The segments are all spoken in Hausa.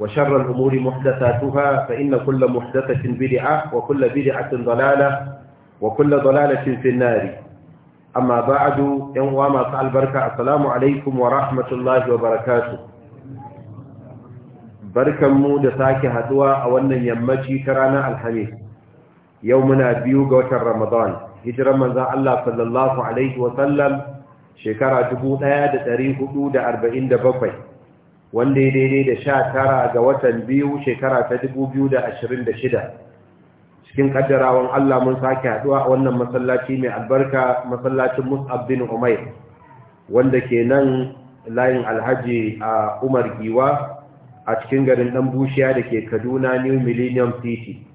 وشر الأمور محدثاتها فإن كل محدثة بدعة وكل بدعة ضلالة وكل ضلالة في النار أما بعد ينوى ما تعال بركة السلام عليكم ورحمة الله وبركاته بركة مودة ساكي هدوى أولا يمجي كرانا الحميد يومنا بيوغة رمضان هجر من ذا الله صلى الله عليه وسلم شكرا جبوت هذا تاريخ أولى أربعين دبقين wanda ya daidai da sha tara ga watan biyu shekara ta dubu biyu da ashirin da shida cikin kaddarawan Allah mun sake haɗuwa a wannan masallaci mai albarka masallacin Mus'ab bin Umair wanda ke nan layin alhaji a Umar Giwa a cikin garin ɗan bushiya da ke Kaduna New Millennium City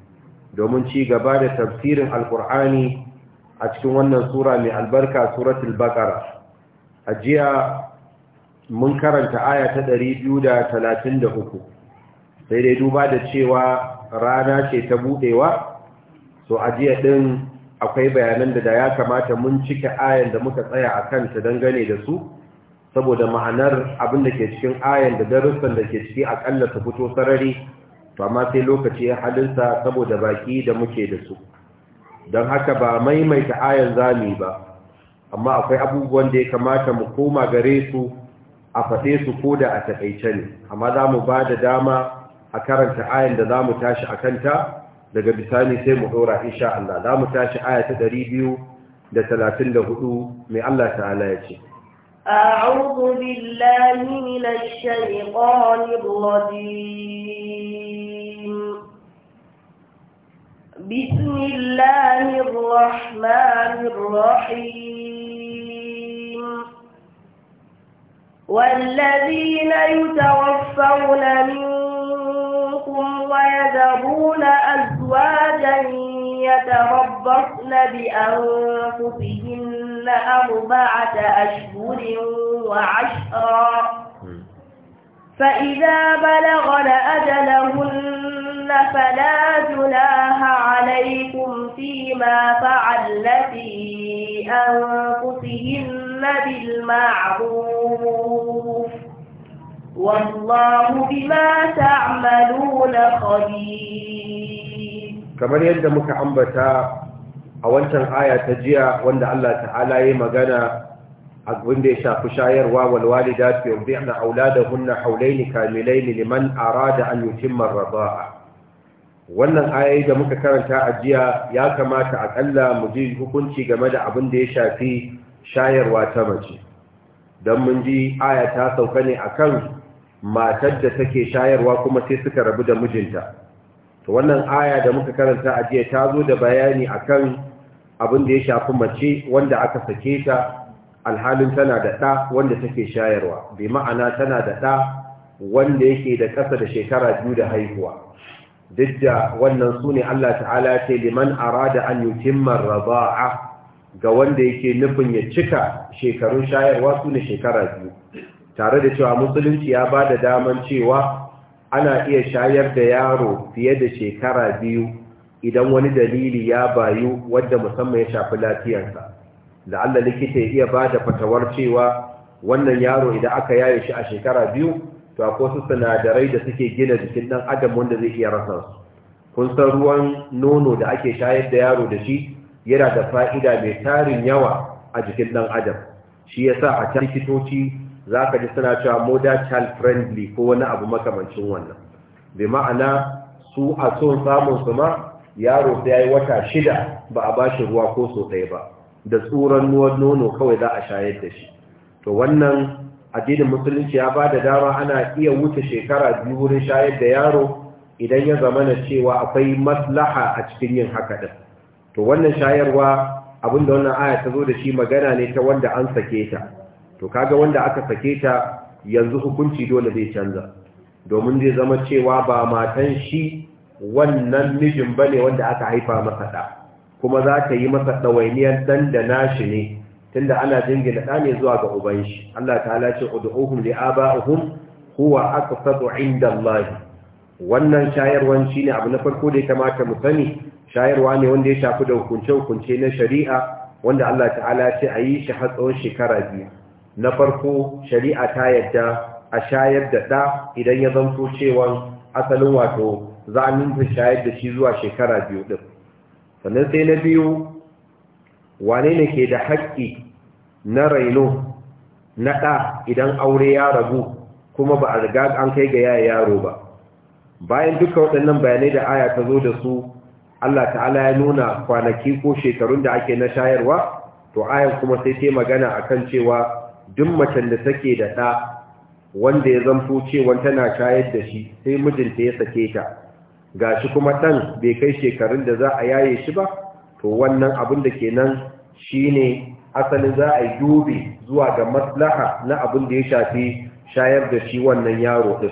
domin ci gaba da tafsirin alkur'ani a cikin wannan sura mai albarka suratul Baqara a jiya mun karanta aya ta 233 sai dai duba da cewa rana ce ta budewa so ajiya din akwai bayanan da da ya kamata mun cike ayan da muka tsaya a kanta dangane da su saboda ma'anar abin da ke cikin ayan da darussan da ke ciki kalla su fito sarari to amma sai lokaci ya halinsa saboda baki da muke da su don haka ba maimaita ayan zami ba amma akwai abubuwan da ya kamata mu koma gare su a faɗe su ko da a taƙaice ne amma za mu ba da dama a karanta ayan da za mu tashi a kanta daga bisani sai mu ɗora insha Allah za mu tashi aya ta ɗari biyu da talatin da hudu mai Allah ta'ala ya ce أعوذ بالله من الشيطان الرجيم بسم الله الرحمن الرحيم والذين يتوفون منكم ويذرون أزواجا يتربصن بأنفسهن أربعة أشهر وعشرا فإذا بلغن أجلهن فلا جناح عليكم فيما فعل في أنفسهن بالمعروف والله بما تعملون خبير kamar yadda muka ambata a wancan aya ta jiya wanda Allah ta'ala ya magana abin da ya shafi shayarwa wal walidatu yurdina auladahunna hawlayn kamilayn liman arada an yutimma ar wannan ayoyi da muka karanta a jiya ya kamata akalla mu ji hukunci game da abin da ya shafi shayarwa ta mace don mun ji aya ta sauka ne akan matar da take shayarwa kuma sai suka rabu da mijinta to wannan aya da muka karanta a jiya ta zo da bayani akan abin da ya shafi mace wanda aka sake ta alhalin tana da ɗa wanda take shayarwa bai ma'ana tana da ɗa wanda yake da ƙasa da shekara biyu da haihuwa duk da wannan su ne Allah ta'ala ce liman arada an yutimma raba'a ga wanda yake nufin ya cika shekarun shayarwa su ne shekara biyu tare da cewa musulunci ya ba da daman cewa ana iya shayar da yaro fiye da shekara biyu idan wani dalili ya bayu wadda musamman ya shafi lafiyarsa la'alla likita ya iya ba da fatawar cewa wannan yaro idan aka yaye shi a shekara biyu to akwai wasu sinadarai da suke gina jikin ɗan adam wanda zai iya rasa su kun san ruwan nono da ake shayar da yaro da shi yana da fa'ida mai tarin yawa a jikin ɗan adam shi ya sa a can likitoci za ka ji suna cewa moda child friendly ko wani abu makamancin wannan bai ma'ana su a son samun su ma yaro sai ya wata shida ba a bashi ruwa ko so ɗaya ba da tsoron nono kawai za a shayar da shi to wannan addinin musulunci ya ba da dama ana iya wuce shekara biyu wurin shayar da yaro idan ya zamana cewa akwai maslaha a cikin yin haka ɗin to wannan shayarwa abinda wannan aya ta zo da shi magana ne ta wanda an sake ta to kaga wanda aka sake ta yanzu hukunci dole zai canza domin zai zama cewa ba matan shi wannan mijin bane wanda aka haifa masa da kuma za ta yi masa ɗawainiyar dan da nashi ne tunda ana jingina da ne zuwa ga uban shi Allah ta'ala ce ud'uhum li aba'ihim huwa aqsatu 'inda Allah wannan shayarwan shine abu na farko da ya kamata mu sani shayarwa ne wanda ya shafi da hukunce-hukunce na shari'a wanda Allah ta'ala ce a yi shi har tsawon shekara biyu na farko shari'a ta yadda a shayar da ɗa idan ya zanto cewa asalin wato za a ninta shayar da shi zuwa shekara biyu ɗin sannan sai na biyu wane ne ke da haƙƙi na raino na ɗa idan aure ya ragu kuma ba a riga an kai ga yaya yaro ba bayan duka waɗannan bayanai da aya ta zo da su Allah ta'ala ya nuna kwanaki ko shekarun da ake na shayarwa to ayan kuma sai ta magana akan cewa duk macen da take da ɗa wanda ya zanto cewa tana shayar da shi sai mijinta ya sake ta gashi kuma ɗan bai kai shekarun da za a yaye shi ba to wannan abin da kenan shine asalin za a yi dubi zuwa ga maslaha na abin da ya shafi shayar da shi wannan yaro ɗin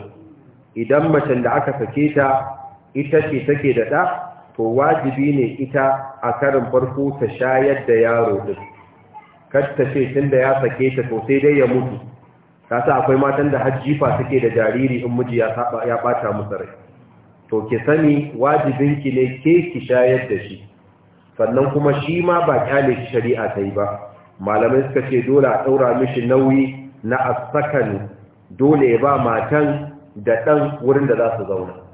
idan macen da aka sake ta ita ce take da ɗa to wajibi ne ita a karin farko ta shayar da yaro din kar ta ce da ya sake ta to sai dai ya mutu ta sa akwai matan da hajjifa suke da jariri in miji ya bata musu rai to ki sani wajibinki ne ke ki shayar da shi sannan kuma shi ma ba kyale shi shari'a ta yi ba malamai suka ce dole a ɗaura mishi nauyi na asakan dole ya ba matan da ɗan wurin da za su zauna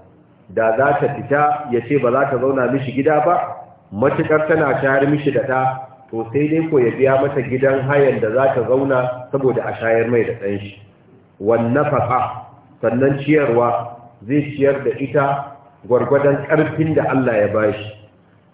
da za ta fita ya ce ba za ta zauna mishi gida ba matuƙar tana shayar mishi da ta to sai dai ko ya biya mata gidan hayan da za ta zauna saboda a shayar mai da ɗan shi faɗa, sannan ciyarwa zai ciyar da ita gwargwadon ƙarfin da Allah ya bashi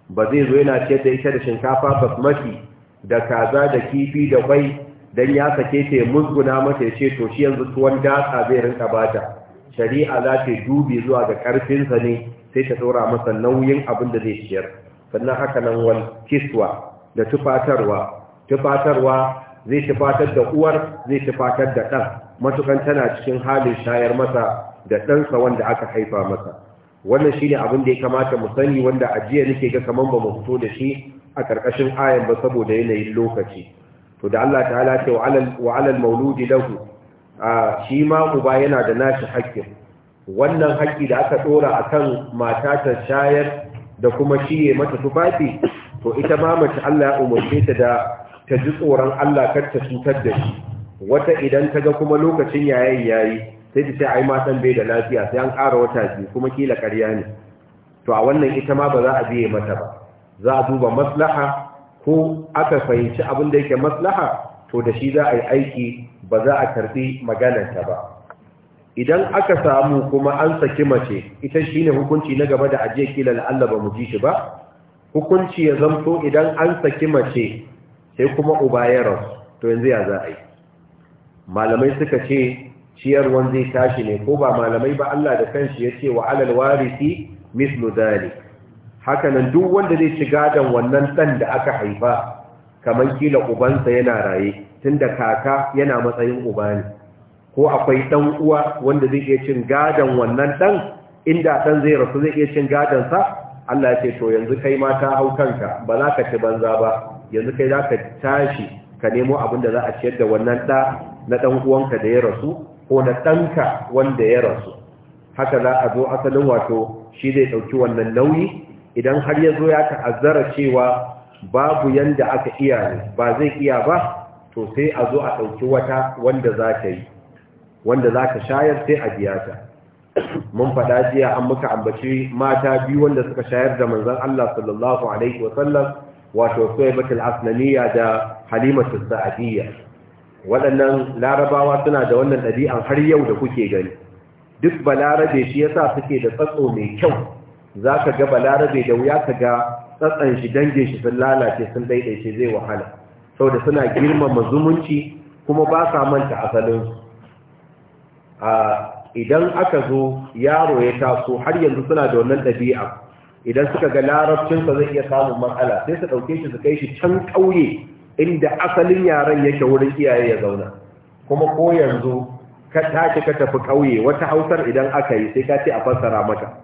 ba zai zo yana ciyar da ita da shinkafa basmati da kaza da kifi da kwai don ya sake ta ya musguna mata ya ce to shi yanzu tuwon datsa zai rinka bata shari'a za ta dubi zuwa ga karfinsa ne sai ta tsora masa nauyin abin da zai ciyar sannan haka nan wal kiswa da tufatarwa tufatarwa zai tufatar da uwar zai tufatar da ɗan matukan tana cikin halin shayar masa da ɗansa wanda aka haifa masa wannan shine abin da ya kamata mu sani wanda ajiya nake ga kaman ba mu fito da shi a ƙarƙashin ayan ba saboda yanayin lokaci to da Allah ta'ala ce wa alal mauludi lahu a shi ma uba yana da nashi haƙƙin wannan haƙƙi da aka ɗora a kan mata ta shayar da kuma shi mata tufafi to ita ma mace Allah ya umarce ta da ta ji tsoron Allah kar ta cutar da shi wata idan ta ga kuma lokacin yayin yayi sai ta ce ai matan bai da lafiya sai an ƙara wata biyu kuma kila ƙarya ne to a wannan ita ma ba za a biye mata ba za a duba maslaha ko aka fahimci abin da yake maslaha to da shi za a yi aiki ba za a karbi maganarta ba idan aka samu kuma an saki mace ita shine hukunci na gaba da aje kila la'alla ba mu ji shi ba hukunci ya zamto idan an saki mace sai kuma uba ya rasu to yanzu ya za a yi malamai suka ce ciyarwan zai tashi ne ko ba malamai ba Allah da kanshi ya ce wa alal warisi mislu dhalik hakanan duk wanda zai ci gadon wannan ɗan da aka haifa kamar kila ubansa yana raye tunda kaka yana matsayin uba ne ko akwai ɗan uwa wanda zai iya cin gadon wannan dan inda dan zai rasu zai iya cin gadan sa Allah ya ce to yanzu kai ma ta hau kanka ba za ka ci banza ba yanzu kai za ka tashi ka nemo abin da za a ciyar da wannan da na dan uwanka da ya rasu ko na ɗanka wanda ya rasu haka za a zo asalin wato shi zai dauki wannan nauyi idan har ya zo ya ta'azzara cewa babu yanda aka iya ne ba zai iya ba to sai a zo a ɗauki wata wanda za ka yi wanda za ka shayar sai a biya ta mun faɗa jiya an muka ambaci mata biyu wanda suka shayar da manzon Allah sallallahu alaihi wa sallam wato Suwaibatul Asnaniya da Halimatu Sa'adiyya waɗannan larabawa suna da wannan ɗabi'an har yau da kuke gani duk balarabe shi yasa suke da tsatso mai kyau zaka ga balarabe da wuya ka ga tsatsan shi dangin shi sun lalace sun daidaice zai wahala saboda suna girmama zumunci kuma ba sa manta asalin asalinsu idan aka zo yaro ya taso har yanzu suna da wannan ɗabi'a idan suka ga larabcinsa zai iya samun matsala sai su ɗauke shi su kai shi can ƙauye inda asalin yaren yake wurin iyaye ya zauna kuma ko yanzu ka tashi ka tafi ƙauye wata hausar idan aka yi sai ka ce a fassara mata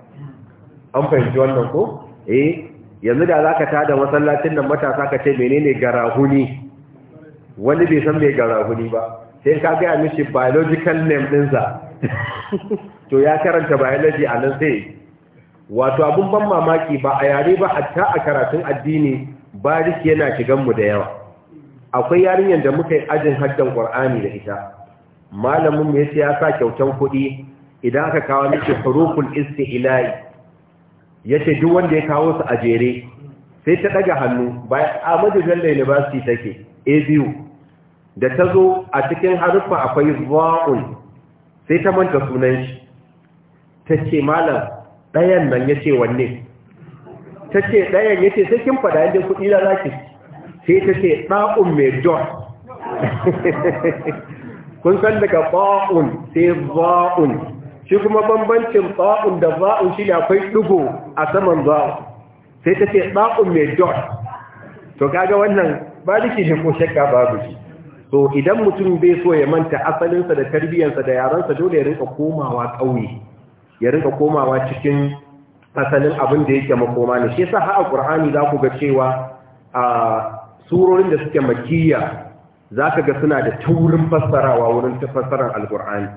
an fahimci wannan ko eh yanzu da za ka tada masallacin nan matasa ka ce menene garahuni wani bai san mai garahuni ba sai ka gaya mishi biological name ɗinsa to ya karanta biology a nan sai wato abin ban mamaki ba a yare ba hatta a karatun addini bariki yana shigan mu da yawa akwai yarinyar da muka yi ajin haddan qur'ani da ita malamin mu yace ya sa kyautan kuɗi idan aka kawo miki huruful isti'la'i yace duk wanda ya kawo su a jere sai ta daga hannu bayan Amadu Bello University take A da ta zo a cikin haruffa akwai za'un sai ta manta sunan shi ta ce malam ɗayan nan ya ce wanne ta ce ɗayan ya ce sai kin faɗa yadda kuɗi na zaki sai ta ce ɗa'un mai don kun san daga ba'un sai za'un shi kuma bambancin ba'un da za'un shi ne akwai ɗigo a saman za'un sai ta ce ɗa'un mai don to kaga wannan ba da shi ko shakka babu shi to idan mutum bai so ya manta asalinsa da tarbiyyarsa da yarensa dole ya rinka komawa ƙauye ya rinka komawa cikin asalin abin da yake makoma ne shi yasa har alqur'ani za ku ga cewa a surorin da suke makiyya za ka ga suna da taurin fassarawa wurin fassarar alqur'ani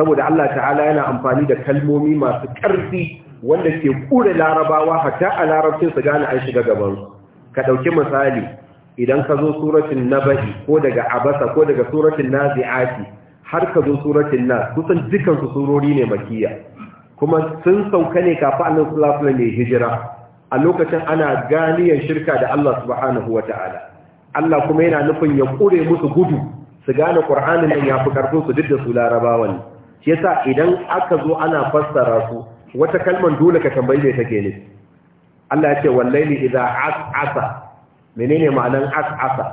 saboda Allah ta'ala yana amfani da kalmomi masu ƙarfi wanda ke kure larabawa hatta a larabcin su gane an shiga gaban ka ɗauki misali idan ka zo suratul naba'i ko daga abasa ko daga suratul nazi'ati har ka zo suratul nas kusan dukkan su surori ne makiya. kuma sun sauka ne kafin annabi sallallahu alaihi wasallam hijira a lokacin ana ganiyan shirka da Allah subhanahu wataala Allah kuma yana nufin ya kure musu gudu su gane Qur'anin nan ya fi karfin su duk da su larabawan shi yasa idan aka zo ana fassara su wata kalmar dole ka tambaye take ne Allah ya ce wallahi idza as'asa menene ma'anan as'asa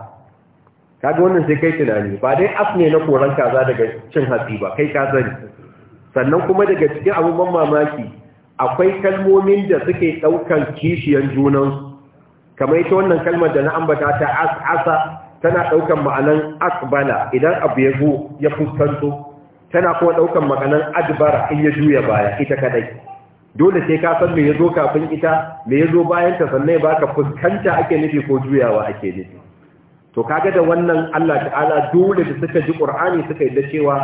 kaga wannan sai kai tunani ba dai as ne na koran kaza daga cin hatsi ba kai ka zani sannan kuma daga cikin abubuwan mamaki akwai kalmomin da suke daukan kishiyan junan kamar ita wannan kalmar da na ambata ta as'asa tana daukan ma'anan asbala idan abu ya zo ya fuskanto tana kuma daukan ma'anan adbara in ya juya baya ita kadai dole sai ka san me ya zo kafin ita me ya zo bayan ta sannan ba ka fuskanta ake nufi ko juyawa ake nufi to kaga da wannan Allah ta'ala dole da suka ji Qur'ani suka yi da cewa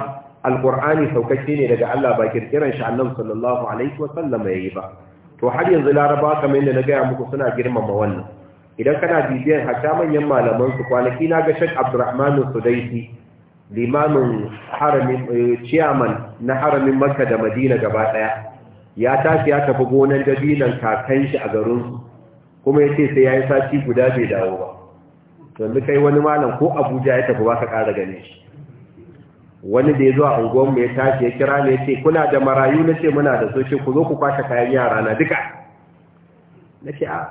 alqur'ani saukake ne daga Allah ba kirkiran shi annabi sallallahu alaihi wa sallam yayi ba to har yanzu laraba kamar yadda na gaya muku suna girmama wannan idan kana bibiyan, hatta manyan malaman su kwanaki na ga Sheikh Abdurrahman Sudaisi limamin haramin eh, chairman na haramin Makka da Madina gaba daya ya tashi ya tafi gonan dabinan kakan shi a garin kuma ya ce sai ya yi sati guda bai dawo ba yanzu kai wani malam ko abuja ya tafi ba ka ƙara gane shi wani da ya zo a unguwanmu ya tashi ya kira ne ya ce kuna da marayu na ce muna da soce ku zo ku kwashe kayan yara na duka na ce a ah,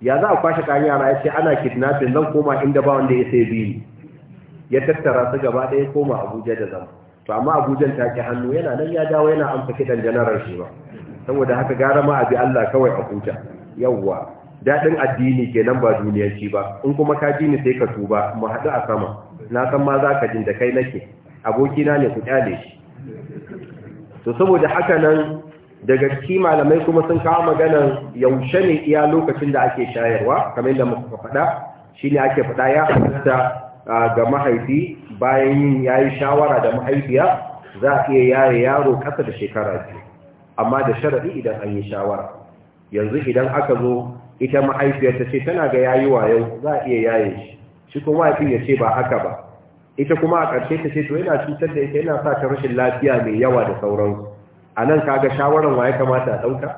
ya za a kwashe kayan yara ya ce ana kidnapping zan koma inda ba wanda ya sai biyu ya tattara su gaba ɗaya koma abuja da zama to amma abujan ta ki hannu yana nan ya dawo yana amsa kiɗan janarar shi ba saboda haka gara ma abi Allah kawai a kuta yawwa dadin addini kenan ba duniyanci ba in kuma ka ji ni sai ka tuba mu haɗu a sama na san ma za ka jin da kai nake abokina ne ku kyale shi to saboda haka nan daga ci malamai kuma sun kawo maganan yaushe ne iya lokacin da ake shayarwa kamar da muka faɗa shine ake faɗa ya halatta ga mahaifi bayan yin ya shawara da mahaifiya za a iya yare yaro kasa da shekara biyu amma da sharadi idan an yi shawara yanzu idan aka zo ita mahaifiyar ta ce tana ga yayi wayo za iya yaye shi shi kuma mahaifin ya ce ba haka ba ita kuma a ƙarshe ta ce to yana cutar da ita yana sa ta rashin lafiya mai yawa da sauransu a nan kaga shawaran wa ya kamata a ɗauka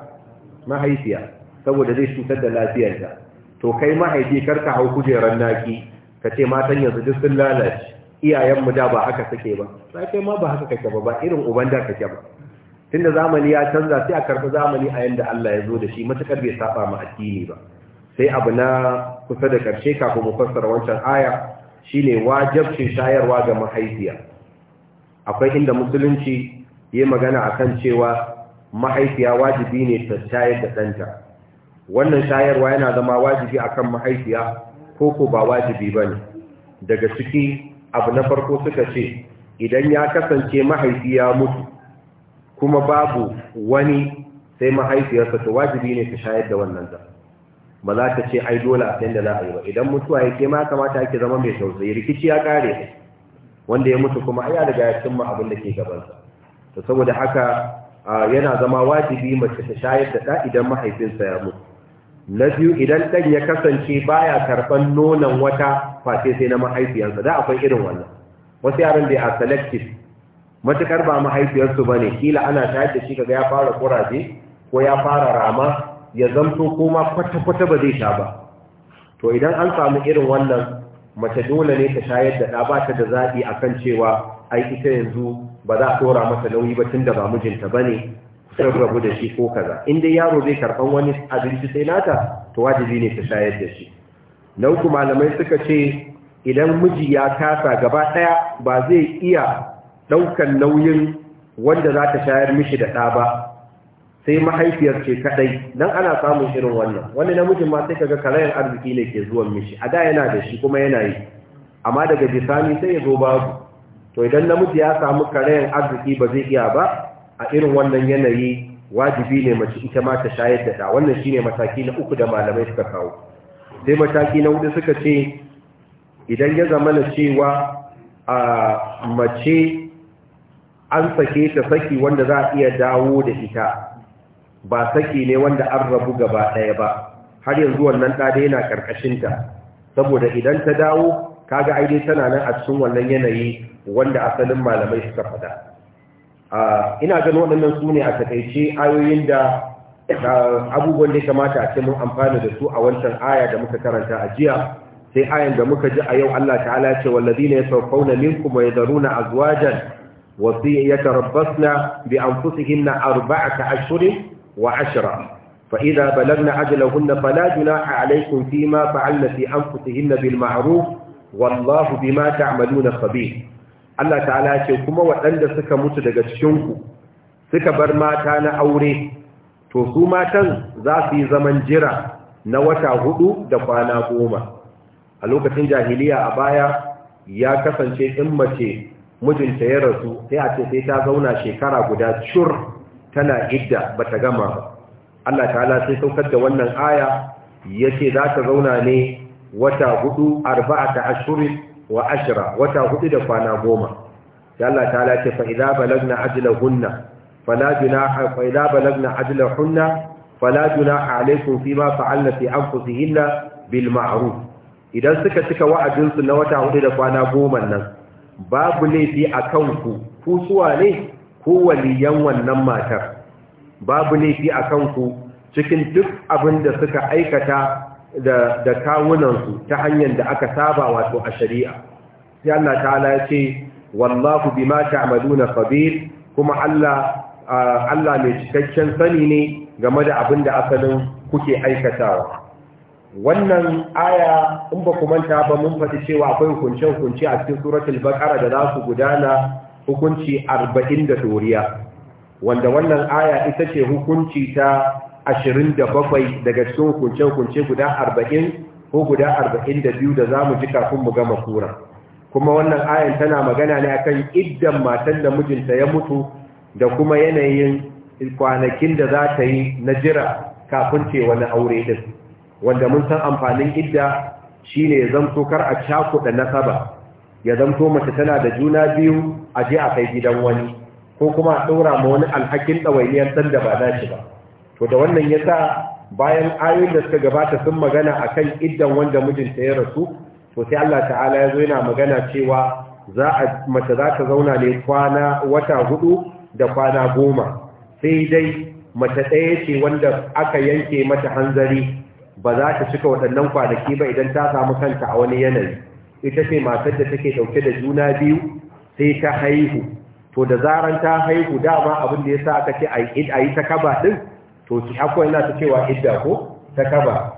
mahaifiya saboda zai cutar da lafiyarta to kai mahaifi ka hau kujerar naki ka ce matan yanzu duk sun lalace iyayenmu da ba haka suke ba sai kai ma ba haka kake ba ba irin uban da kake ba tunda zamani ya canza sai a karɓi zamani a yanda Allah ya zo da shi matuƙar bai saba ma addini ba sai abu na kusa da ƙarshe kafin mu fassara wancan aya shine wajibcin shayarwa ga mahaifiya akwai inda musulunci yayi magana akan cewa mahaifiya wajibi ne ta shayar da ɗanta wannan shayarwa yana zama wajibi akan mahaifiya ko ko ba wajibi bane daga ciki abu na farko suka ce idan ya kasance mahaifi ya mutu kuma babu wani sai mahaifiyarsa to wajibi ne ta shayar da wannan da ba za ta ce ai dole a da za a yi ba idan mutuwa ya ke ma kamata ake zama mai tausayi rikici ya kare wanda ya mutu kuma ai ya riga ya cimma abin da ke gabansa to saboda haka yana zama wajibi mace ta shayar da ɗa idan mahaifinsa ya mutu na biyu idan ɗan ya kasance baya karɓan nonon wata face sai na mahaifiyarsa da akwai irin wannan wasu yaran da a selective matukar ba mahaifiyarsu ba ne kila ana tayar da shi kaga ya fara kuraje ko ya fara rama ya zamto koma kwata-kwata ba zai sha ba to idan an samu irin wannan mace dole ne ta shayar da ba ta da zaɓi akan cewa ai ita yanzu ba za a tsora masa nauyi ba tunda ba mijinta ba ne sun rabu da shi ko kaza in dai yaro zai karɓan wani abinci sai nata to wajibi ne ta shayar da shi na malamai suka ce idan miji ya kasa gaba ɗaya ba zai iya ɗaukan nauyin wanda za ta shayar mishi da ɗa ba sai mahaifiyar ce kaɗai don ana samun irin wannan wani namijin ma sai kaga karayan arziki ne ke zuwan mishi a da yana da shi kuma yana yi amma daga bisani sai ya zo babu to idan namiji ya samu karayan arziki ba zai iya ba a irin wannan yanayi wajibi ne mace ita ma ta shayar da ɗa wannan shine mataki na uku da malamai suka kawo sai mataki na hudu suka ce idan ya zama na cewa a mace an sake ta saki wanda za a iya dawo da ita ba saki ne wanda an rabu gaba ɗaya ba har yanzu wannan ɗa yana ƙarƙashinta saboda idan ta dawo kaga aide tana nan a cikin wannan yanayi wanda asalin malamai suka faɗa ina ganin waɗannan su ne a takaice ayoyin da abubuwan da ya kamata a ce mun amfana da su a wancan aya da muka karanta a jiya sai ayan da muka ji a yau Allah ta'ala ce wallazina yatawaffawna minkum wa yadharuna azwajan وفي يتربصن بأنفسهن أربعة أشهر وعشرة فإذا بلغن أجلهن فلا جناح عليكم فيما فعلن في أنفسهن بالمعروف والله بما تعملون خبير Allah ta'ala ya ce kuma waɗanda suka mutu daga cikinku suka bar mata na aure to su matan za su yi zaman jira na wata hudu da kwana goma a lokacin jahiliya a baya ya kasance in mace mijinta ya rasu sai a ce sai ta zauna shekara guda cur tana idda bata gama ba Allah ta'ala sai saukar da wannan aya yace za ta zauna ne wata hudu ta ashirin, wa ashira, wata hudu da kwana goma sai Allah ta'ala ce fa idza balagna ajlahunna fala junaha fa idza balagna ajlahunna fala junaha alaykum ma fa'alna fi anfusihinna bil ma'ruf idan suka cika su na wata hudu da kwana goma nan babu laifi a kanku ku suwa ne ku waliyan wannan matar babu laifi a kanku cikin duk abin da suka aikata da, kawunansu ta hanyar da aka saba wato a shari'a sai Allah ta'ala ya ce wallahu bima ta'maluna khabir kuma Allah ah, Allah mai cikakken sani ne game da abin da asalin kuke aikatawa wannan aya in ba ku manta ba mun faɗi cewa akwai hukunce-hukunce a cikin suratul baqara da za su gudana hukunci arba'in da doriya wanda wannan aya ita ce hukunci ta ashirin daga cikin hukunce-hukunce guda arba'in ko guda arba'in da biyu da za mu ji kafin mu gama kura kuma wannan ayan tana magana ne akan iddan matan da mijinta ya mutu da kuma yanayin kwanakin da za ta yi na jira kafin ce wani aure din wanda mun san amfanin idda shine ya zamto kar a da nasaba ya zamto mace tana da juna biyu a je a kai gidan wani ko kuma a ɗora ma wani alhakin ɗawainiyar ɗan da ba na shi ba to da wannan ya sa bayan ayoyin da suka gabata sun magana a kan iddan wanda mijinta ya rasu to sai Allah ta'ala ya zo yana magana cewa za a mace za ta zauna ne kwana wata hudu da kwana goma sai dai mace ɗaya ce wanda aka yanke mata hanzari ba za ta cika waɗannan kwanaki ba idan ta samu kanta a wani yanayi ita ce matar da take ɗauke da juna biyu sai ta haihu to da zaran ta haihu dama abin da ya sa aka ce a yi ta kaba ɗin to ki akwai na ta cewa idda ko ta kaba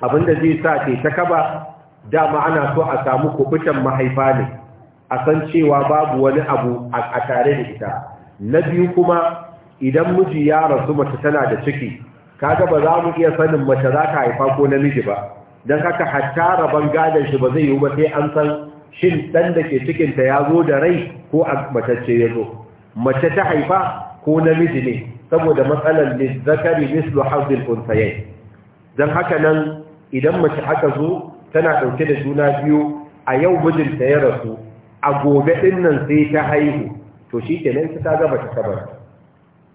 abin da zai sa ce ta kaba dama ana so a samu kubutan mahaifa ne a san cewa babu wani abu a tare da ita na biyu kuma idan miji ya rasu mace tana da ciki kaga ba za mu iya sanin mace za ka haifa ko namiji ba don haka hatta rabon gadon shi ba zai yiwu ba sai an san shin ɗan da ke cikinta ya zo da rai ko a matacce ya zo mace ta haifa ko namiji ne saboda matsalar zakari mislu hazil unsayai don haka nan idan mace aka zo tana ɗauke da juna biyu a yau mijinta ya rasu a gobe ɗin sai ta haihu to shi kenan ta gaba ta kabar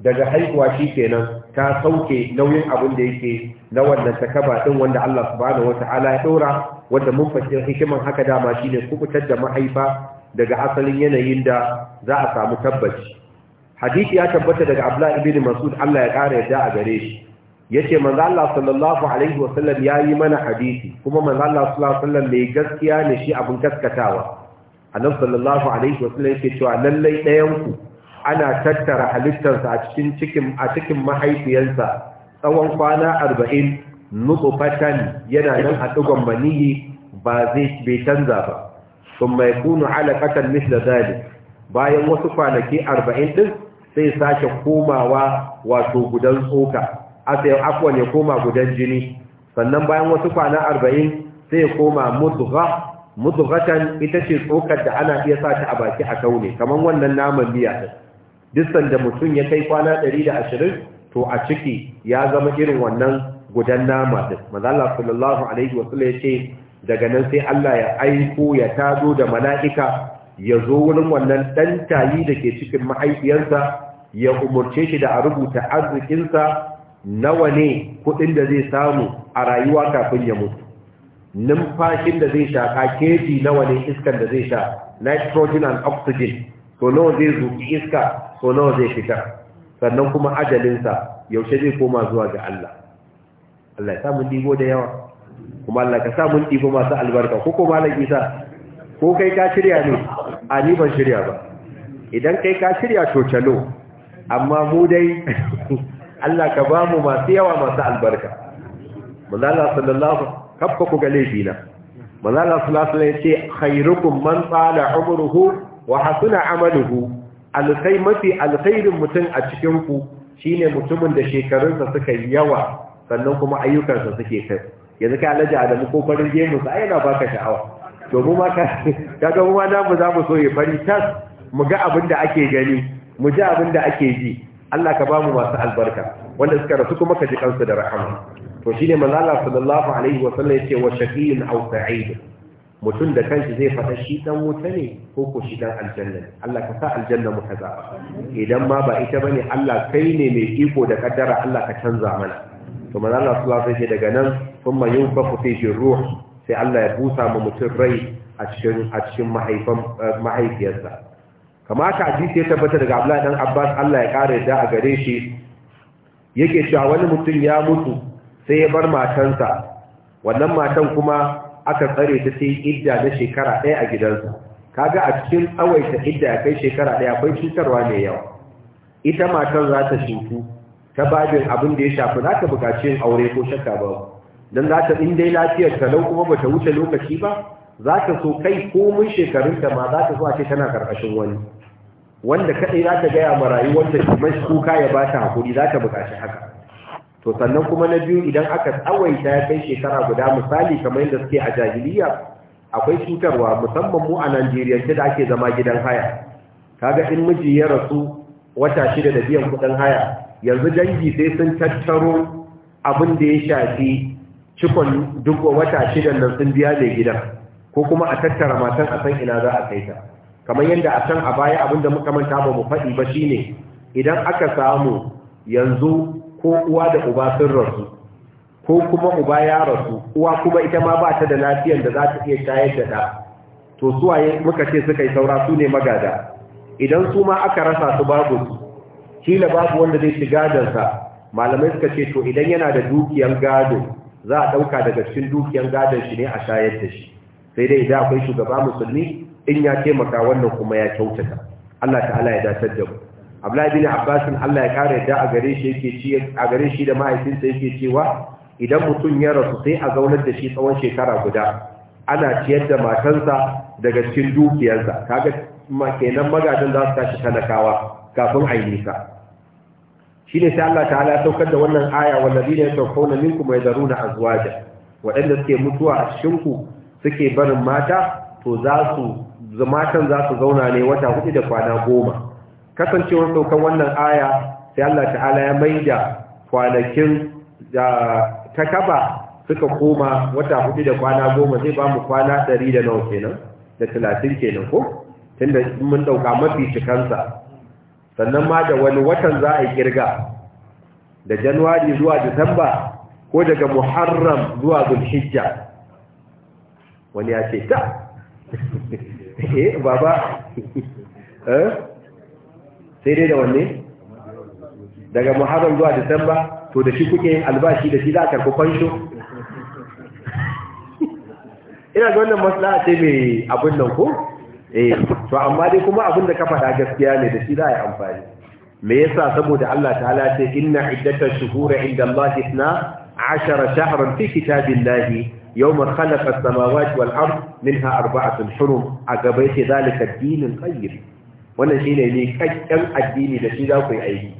daga haihuwa shi kenan ta sauke nauyin abin da yake na wannan takaba din wanda Allah subhanahu wataala ya dora wanda mun fashe hikiman haka dama ne kubutar da mahaifa daga asalin yanayin da za a samu tabbaci hadisi ya tabbata daga Abdullah ibn Mas'ud Allah ya kara yadda a gare shi yace manzo Allah sallallahu alaihi wasallam yayi mana hadisi kuma manzo Allah sallallahu alaihi wasallam mai gaskiya ne shi abin kaskatawa annabi sallallahu alaihi wasallam yake cewa lallai ɗayan ku ana tattara halittarsa a cikin cikin a cikin mahaifiyarsa tsawon kwana arba'in fatan yana nan a dugon maniyi ba zai bai canza ba sun mai kunu alaƙatan misla zali bayan wasu kwanaki arba'in ɗin sai sake komawa wato gudan tsoka sai akwai ne koma gudan jini sannan bayan wasu kwana arba'in sai koma mutugha mutughatan ita ce tsokar da ana iya sa a baki a kaune kamar wannan naman miya dusan da mutum ya kai kwana 120 to a ciki ya zama irin wannan gudan nama din mazalla sallallahu alaihi wasallam ya ce daga nan sai Allah ya aiko ya tazo da mala'ika ya zo wurin wannan dan tayi da ke cikin mahaifiyarsa ya umurce shi da a rubuta arzikinsa nawa ne kudin da zai samu a rayuwa kafin ya mutu numfashin da zai shaka keji nawa ne iskan da zai sha nitrogen and oxygen to nawa zai zuki iska so nawa zai fita sannan kuma ajalinsa yaushe zai koma zuwa ga Allah Allah ya samu dibo da yawa kuma Allah ka samu dibo masu albarka ko kuma malam Isa ko kai ka shirya ne a ni ban shirya ba idan kai ka shirya to calo amma mu dai Allah ka ba mu masu yawa masu albarka manzala sallallahu kafka ku gale na manzala sallallahu ya ce khairukum man tsala umruhu wa hasuna amaluhu alkai mafi alkhairin mutum a cikin ku shine mutumin da shekarunsa suka yi yawa sannan kuma ayyukansa suke kai yanzu kai alaji adamu ko farin gemu sa ai na baka sha'awa to mu ma ka kaga mu ma za mu so ya fari tas mu ga abin da ake gani mu ji abin da ake ji Allah ka bamu masu albarka wanda suka rasu kuma ka ji kansu da rahama to shine manzo Allah sallallahu alaihi wa sallam yace wa shaqiyun aw sa'id mutum da kanshi zai faɗa shi ɗan wuta ne ko ko shi ɗan aljanna Allah ka sa aljanna mu kaza idan ma ba ita bane Allah kai ne mai iko da kaddara Allah ka canza mana to manzo Allah sallallahu alaihi daga nan kuma yunfaku fi ruh sai Allah ya busa ma mutum rai a cikin a cikin mahaifan eh, mahaifiyarsa kamata hadisi ya tabbata daga Abdullahi dan Abbas Allah ya kare da a gare shi yake cewa wani mutum ya mutu sai ya bar matansa wannan matan kuma aka tsare ta sai idda da shekara ɗaya a gidansa kaga a cikin awaita idda ya kai shekara ɗaya akwai cutarwa mai yawa ita matan za ta shuku ta babin abin da ya shafi za ta buƙaci yin aure ko shakka ba don za ta in dai lafiyar talau kuma ba ta wuce lokaci ba za ta so kai komin shekarunta ma za ta so a ce tana karkashin wani wanda kaɗai za ta gaya ma rayuwarta mai kuka ya ba ta haƙuri za ta buƙaci haka to sannan kuma na biyu idan aka tsawaita ya kai shekara guda misali kamar yadda suke a jahiliya akwai cutarwa musamman mu a Najeriya ce da ake zama gidan haya kaga in miji ya rasu wata shida da biyan kudin haya yanzu dangi sai sun tattaro abin da ya shafi cikon duk wata shidan nan sun biya mai gidan ko kuma a tattara matan a san ina za a kai ta kamar yadda a can a baya abin da muka manta ba mu faɗi ba shine idan aka samu yanzu ko uwa da uba sun rasu ko kuma uba ya rasu uwa kuma ita ma ba ta da lafiyar da za ta iya shayar da ɗa to suwaye muka ce suka yi saura su ne magada idan su ma aka rasa su babu su kila babu wanda zai ci gadonsa malamai suka ce to idan yana da dukiyar gado za a ɗauka daga cikin dukiyar gadon shi ne a shayar da shi sai dai idan akwai shugaba musulmi in ya taimaka wannan kuma ya kyautata Allah ta'ala ya dace da mu Abdullahi bin Abbas Allah ya kare da a gare shi a gare shi da mahaifinsa yake cewa idan mutum ya rasu sai a zaunar da shi tsawon shekara guda ana ciyar da matansa daga cikin dukiyarsa kaga kenan magajin za su tashi talakawa kafin a yi nisa shine sai Allah ta'ala ya saukar da wannan aya wallazina yatawaffawna minkum wa yadharuna azwaja waɗanda suke mutuwa a cikin ku suke barin mata to za su matan za su zauna ne wata hudu da kwana goma kasancewar saukan wannan aya sai Allah ta'ala ya maida kwanakin da ta kaba suka koma wata hudu da kwana goma zai ba mu kwana ɗari da nawa kenan da talatin kenan ko tunda mun ɗauka mafi cikansa sannan ma da wani watan za a kirga da januwari zuwa disamba ko daga muharram zuwa zulhijja wani ya ce ta eh baba eh sai dai da wanne daga muharram zuwa disamba to da shi kuke albashi da shi za a karɓi fansho ina ga wannan maslaha ce mai abin nan ko eh to amma dai kuma abin da ka faɗa gaskiya ne da shi za a yi amfani me yasa saboda Allah ta'ala ce inna iddatash shuhura inda Allah isna عشر شهرا في كتاب الله يوم خلق السماوات والأرض منها أربعة حرم عقبيت ذلك dinin qayyim wannan shine ne kakkan addini da shi za ku yi aiki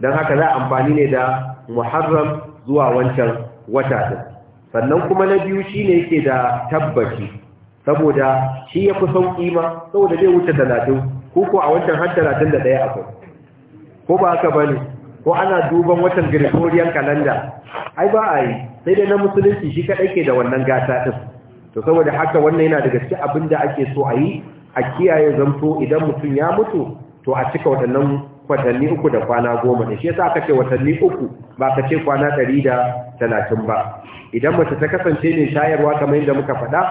don haka za amfani ne da muharram zuwa wancan wata din sannan kuma na biyu shine yake da tabbaci saboda shi ya fi sauƙi ma saboda zai wuce talatin ko ko a wancan har talatin da ɗaya akwai ko ba haka ba ne ko ana duban watan gregorian Kalanda? ai ba a yi sai dai na musulunci shi kaɗai ke da wannan gata ɗin to saboda haka wannan yana daga cikin abin da ake so a yi a kiyaye zanto idan mutum ya mutu to a cika waɗannan watanni uku da kwana goma da shi yasa aka ce watanni uku ba ka ce kwana ɗari da talatin ba idan mace ta kasance ne shayarwa kamar yadda muka faɗa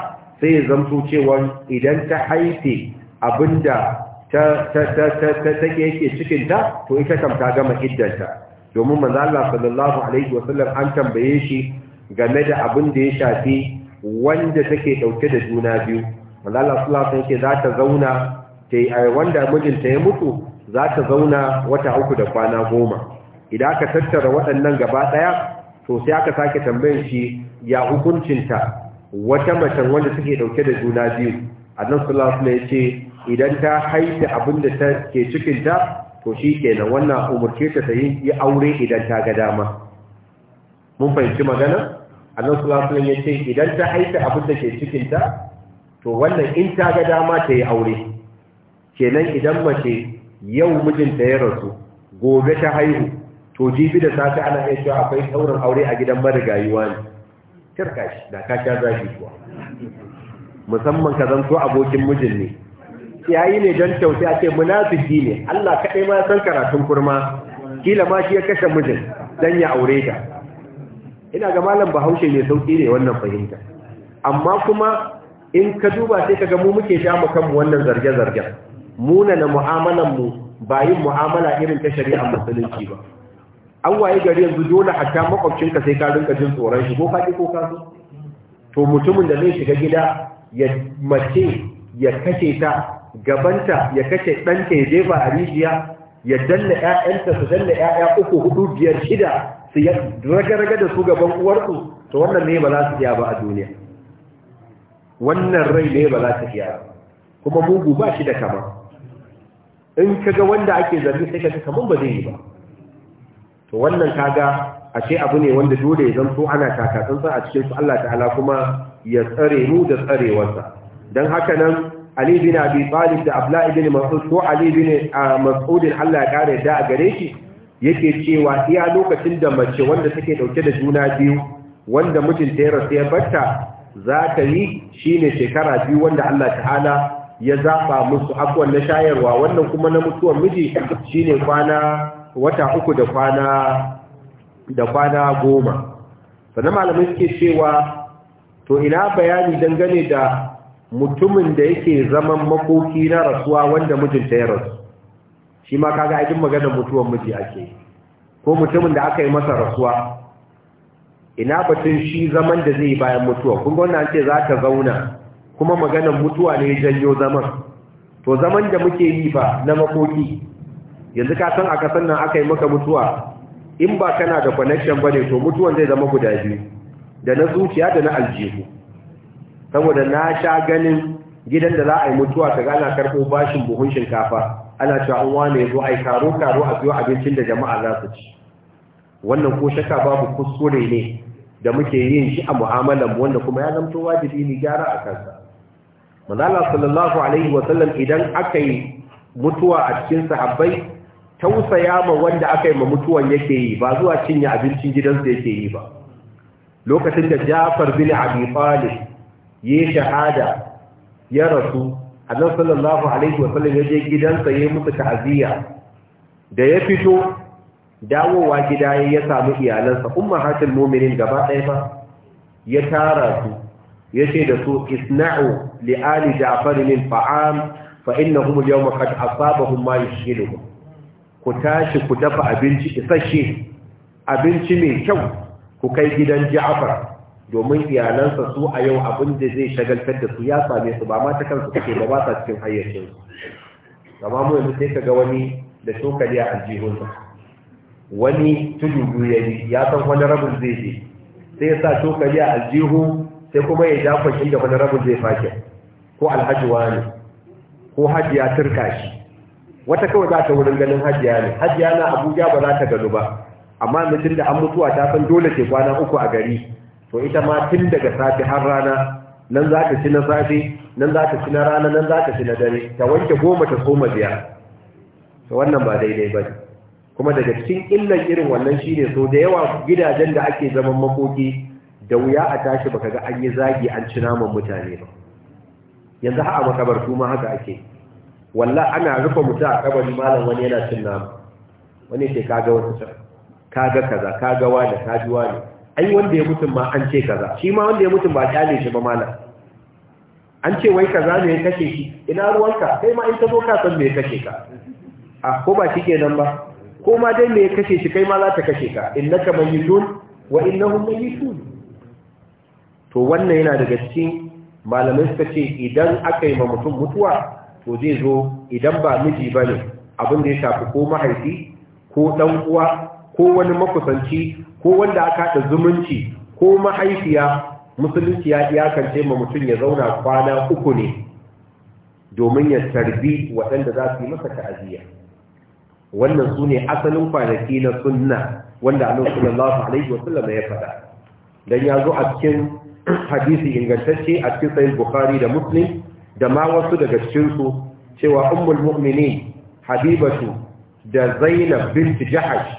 sai ya zamto cewa idan ta haife abin da ta yake cikinta to ita kam ta gama iddanta domin manzo Allah sallallahu alaihi wasallam an tambaye shi game da abin da ya shafi wanda take dauke da juna biyu Allah sallallahu alaihi wasallam za ta zauna ta yi wanda mijinta ya mutu za ta zauna wata uku da kwana goma idan aka tattara waɗannan gaba ɗaya to sai aka sake tambayar shi ya hukuncinta wata macen wanda suke ɗauke da juna biyu annan sallallahu alaihi ya ce idan ta haifi abin da ta ke cikinta to shi kenan wannan umarce ta ta yi aure idan ta ga dama mun fahimci magana annan sallallahu alaihi ya ce idan ta haifi abin da ke cikinta to wannan in ta ga dama ta yi aure kenan idan mace yau mijinta ya rasu gobe ta haihu to jibi da safi ana iya cewa akwai saurin aure a gidan marigayuwa ne kirka shi da ka sha shi kuwa musamman ka zanto abokin mijin ne yayi ne don kyauta a ce munafiki ne Allah kaɗai ma san karatun kurma kila ma shi ya kashe mijin dan ya aure ta ina ga malam bahaushe mai sauƙi ne wannan fahimta amma kuma in ka duba sai ka ga mu muke sha mu kanmu wannan zarge-zargen mu na mu'amalan mu ba yin mu'amala irin ta shari'a musulunci ba an waye gari yanzu dole hatta makwabcinka sai ka rinka jin tsoron shi ko ka ko ka to mutumin da zai shiga gida ya mace ya kace ta gabanta ya kace ɗanta ya jefa a rijiya ya danna ƴaƴanta su danna ƴaƴa uku hudu biyar shida su raga-raga da su gaban uwarsu to wannan ne ba za su iya ba a duniya wannan rai ne ba za ta fiya kuma mugu ba shi da kama in ka ga wanda ake zargi sai ka kaman ba zai yi ba to wannan kaga ashe abu ne wanda dole ya zanto ana taka-takan sa a cikin su Allah ta'ala kuma ya tsare mu da tsarewarsa dan haka nan Ali bin Abi Talib da Abla ibn Mas'ud ko Ali bin Mas'ud Allah ya kare da a gare shi yake cewa iya lokacin da mace wanda take dauke da juna biyu wanda mijinta ya rasu ya batta. za ka yi shine shekara biyu wanda Allah ta hala ya zafa musu abuwan na shayarwa wannan kuma na mutuwar miji shi ne kwana wata uku da kwana goma sannan malamai suke cewa to ina bayani dangane da mutumin da yake zaman makoki na rasuwa wanda mijinta ya rasu shi ma kaga aikin maganar mutuwar miji ake ko mutumin da aka yi masa rasuwa ina batun shi zaman da zai bayan mutuwa kun wannan ce za ta zauna kuma maganar mutuwa ne janyo zaman to zaman da muke yi ba na makoki yanzu ka san a san nan aka yi maka mutuwa in ba kana da connection bane to mutuwan zai zama guda biyu da na zuciya da na aljihu saboda na sha ganin gidan da za a yi mutuwa ta gana karɓo bashin buhun shinkafa ana cewa an wane zo a yi karo karo a biyo abincin da jama'a za su ci wannan ko shaka babu kuskure ne da muke yin shi a mu wanda kuma ya zamto wajibi ne gyara a kansa manzala sallallahu alaihi wa sallam idan aka yi mutuwa a cikin sahabbai tausaya ma wanda aka yi ma mutuwan yake yi ba zuwa cinye abincin gidansa yake yi ba lokacin da Jafar bin Abi Talib ya shahada ya rasu annabi sallallahu alaihi wa sallam ya je gidansa ya yi musu ta'aziyya da ya fito dawowa gida ya samu iyalansa ummahatul mu'minin gaba ɗaya fa ya tara su Ya ce da su isna'u li ali ja'far min fa'am fa innahum al-yawma qad asabahum ma yashghiluhum ku tashi ku dafa abinci isasshe abinci mai kyau ku kai gidan ja'far domin iyalansa su a yau abin da zai shagaltar da su ya same su ba ma ta kansu take ba ba sa cikin hayyacin su amma mu yanzu sai ka ga wani da cokali a aljihunsa wani tudu ya yi ya san wani rabin zai je sai ya sa cokali a aljihu sai kuma ya ja kwanci da wani rabin zai fake ko alhaji wani ko hajiya turka shi wata kawai za ta wurin ganin hajiya ne hajiya na abuja ba za ta gano ba amma mutum da an mutuwa ta san dole ce kwana uku a gari to ita ma tun daga safe har rana nan za ta ci na safe nan za ta ci na rana nan za ta ci na dare ta wanke goma ta koma biyar to wannan ba daidai ba ne kuma daga cikin illan irin wannan shi ne so da yawa gidajen da ake zaman makoki da wuya a tashi baka ga an yi zagi an ci naman mutane ba yanzu ha a makabartu ma haka ake walla ana rufe mutum a kabari malam wani yana cin nama wani ce kaga wasu can kaga kaza kaga wani kaji wani ai wanda ya mutum ma an ce kaza shi ma wanda ya mutum ba kyale shi ba malam an ce wai kaza ne ya kashe shi ina ruwanka kai ma in ta zo ka san me ya kashe ka a ah, ko ba shi kenan ba ko ma dai me ya kashe shi kai ma za ta kashe ka innaka mayyitun wa innahum mayyitun to wannan yana daga cikin malamai suka ce idan aka yi ma mutum mutuwa to zai zo idan ba miji bane abin da ya shafi ko mahaifi ko dan uwa ko wani makusanci ko wanda aka haɗa zumunci ko mahaifiya musulunci ya iyakance ma mutum ya zauna kwana uku ne domin ya tarbi waɗanda za su yi masa ta'aziyya wannan su ne asalin kwanaki na sunna wanda annabi sallallahu alaihi wasallam ya faɗa dan ya zo a cikin hadisi ingantacce a cikin sahih bukhari da muslim da ma wasu daga cikin su cewa ummul mu'minin habibatu da zainab bint jahash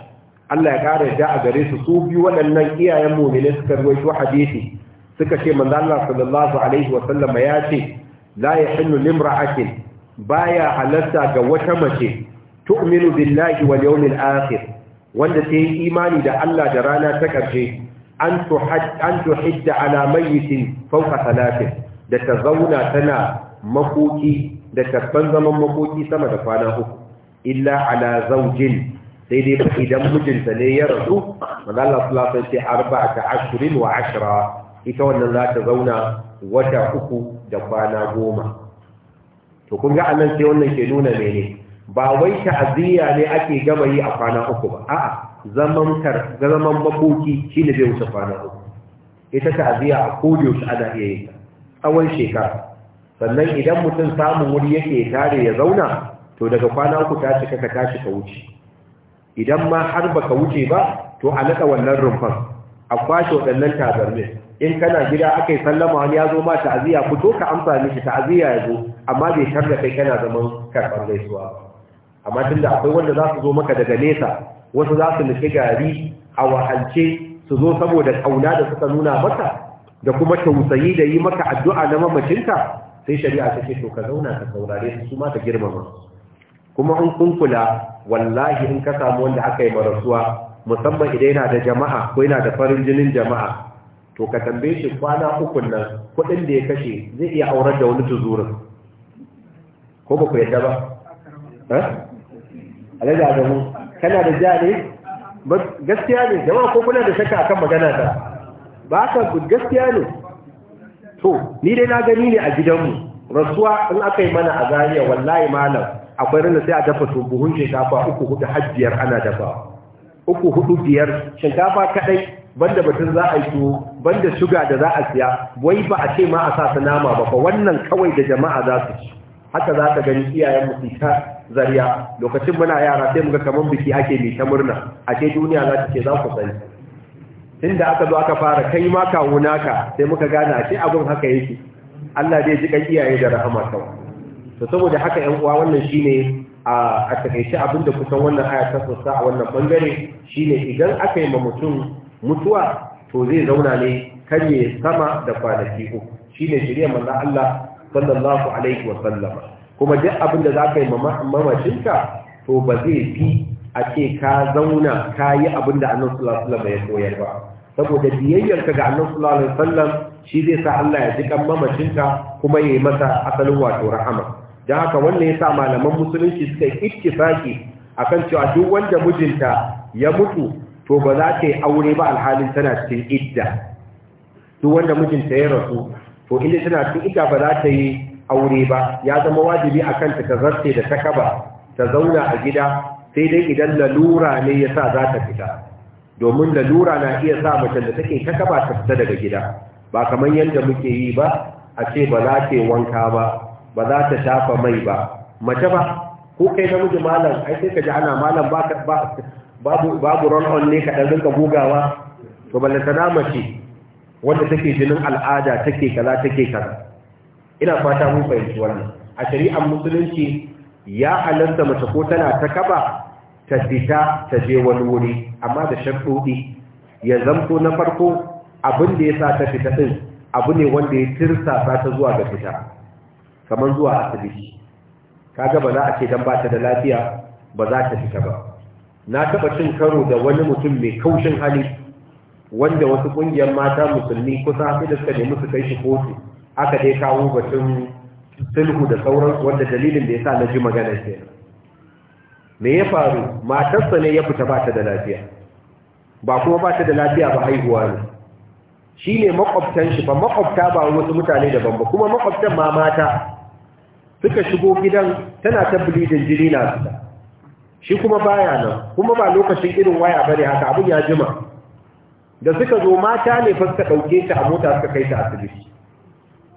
Allah ya kare da a gare su su biyu waɗannan iyayen mu'minin suka ruwaito hadisi suka ce manzo Allah sallallahu alaihi wasallam ya ce la yahillu limra'atin baya halatta ga wata mace tu'minu billahi wal yawmil akhir wanda ta yi imani da Allah da rana ta karshe an tuhidda ala mayyitin fauka talatin da ta zauna tana makoki da tabban zaman makoki sama da kwana uku illa ala zaujin sai dai idan mijinta ne ya rasu manzala sulatan ce arba ta ashirin wa ashira ita wannan za ta zauna wata uku da kwana goma to kun ga anan sai wannan ke nuna mene ba wai ta'aziyya ne ake gama yi a kwana uku ba a'a zaman kar zaman makoki shine bai wuce kwana uku ita ta'aziyya a kodiyo shi ana iya ta. tsawon shekara sannan idan mutum samun wuri yake tare ya zauna to daga kwana uku ta cika ka tashi ka wuce idan ma har baka wuce ba to a nada wannan rumfan a kwashe waɗannan tabarmin in kana gida aka yi sallama wani ya zo ma ta'aziyya fito ka amsa mishi ta'aziyya ya zo amma bai tarda kai kana zaman karɓar gaisuwa ba amma tun da akwai wanda za su zo maka daga nesa wasu za su nufi gari a wahalce su zo saboda kauna da suka nuna maka da kuma tausayi da yi maka addu'a na mamacinka sai shari'a ta ce to ka zauna ka saurare su ma ta girmama kuma in kun kula wallahi in ka samu wanda aka yi marasuwa musamman idan yana da jama'a ko yana da farin jinin jama'a to ka tambaye shi kwana ukun nan kuɗin da ya kashe zai iya aurar da wani tuzurin ko ba ku yadda ba eh? da adamu kana da ja ne gaskiya ne da ko kuna da shakka akan magana ta ba ka gaskiya ne to ni dai na gani ne a gidanmu rasuwa in aka yi mana a zariya wallahi malam akwai rana sai a dafa to buhun shinkafa uku hudu hajjiyar ana dafa uku hudu biyar shinkafa kadai banda batun za a yi tuwo banda shuga da za a siya wai ba a ce ma a sa su nama ba ba wannan kawai da jama'a za su ci haka za ka gani iyayen mu zariya lokacin muna yara sai muka kaman biki ake mai ta murna ake duniya za ta ce za ku sani tunda aka zo aka fara kai ma kawo naka sai muka gane a ce abin haka yake Allah zai ji iyaye da rahama kawo to saboda haka yan uwa wannan shine a takaice da kusan wannan aya ta sosa a wannan bangare shine idan aka yi ma mutum mutuwa to zai zauna ne karye sama da kwanaki uku shine shirya manzo Allah sallallahu alaihi wa sallama kuma duk abin da za ka yi mamacinka to ba zai fi a ce ka zauna ka yi abin da annan sulasulama ya koyar ba saboda biyayyarka ga annan sallan, shi zai sa Allah ya jikan mamacinka kuma ya yi masa asalin wato rahama don haka wannan ya sa malaman musulunci suka yi ittifaki kan cewa duk wanda mijinta ya mutu to ba za ta yi aure ba alhalin tana cikin idda duk wanda mijinta ya rasu to inda tana cikin idda ba za ta yi aure ba ya zama wajibi a kanta ta zarce da takaba ta zauna a gida sai dai idan lalura ne ya sa za ta fita domin lalura na iya sa mace da take takaba ta fita daga gida ba kamar yadda muke yi ba a ce ba za ta wanka ba ba za ta shafa mai ba mace ba ko kai namiji malam ai sai ka ji ana malam ba babu babu on ne ka dan rinka bugawa to ta da mace wanda take jinin al'ada take kaza take kaza ina fata mun fahimci wannan a shari'ar musulunci ya halarta mace ko tana ta kaba ta fita ta je wani wuri amma da sharuɗi ya zamto na farko abin da ya sa ta fita ɗin abu ne wanda ya tirsasa ta zuwa ga fita kamar zuwa asibiti kaga ba za a ce dan ba ta da lafiya ba za ta fita ba na taɓa cin karo da wani mutum mai kaushin hali wanda wasu ƙungiyar mata musulmi kusa sai da suka nemi su kai shi kotu aka dai kawo batun sulhu da sauran wanda dalilin da sa na ji magana ke me ya faru matarsa ne ya fita ba ta da lafiya ba kuma ba ta da lafiya ba haihuwa ne shi ne makwabtan shi ba makwabta ba wasu mutane daban ba kuma makwabtan ma mata suka shigo gidan tana ta bilidin jini na fita shi kuma baya nan kuma ba lokacin irin waya bane haka abin ya jima da suka zo mata ne fa suka dauke ta a mota suka kai ta asibiti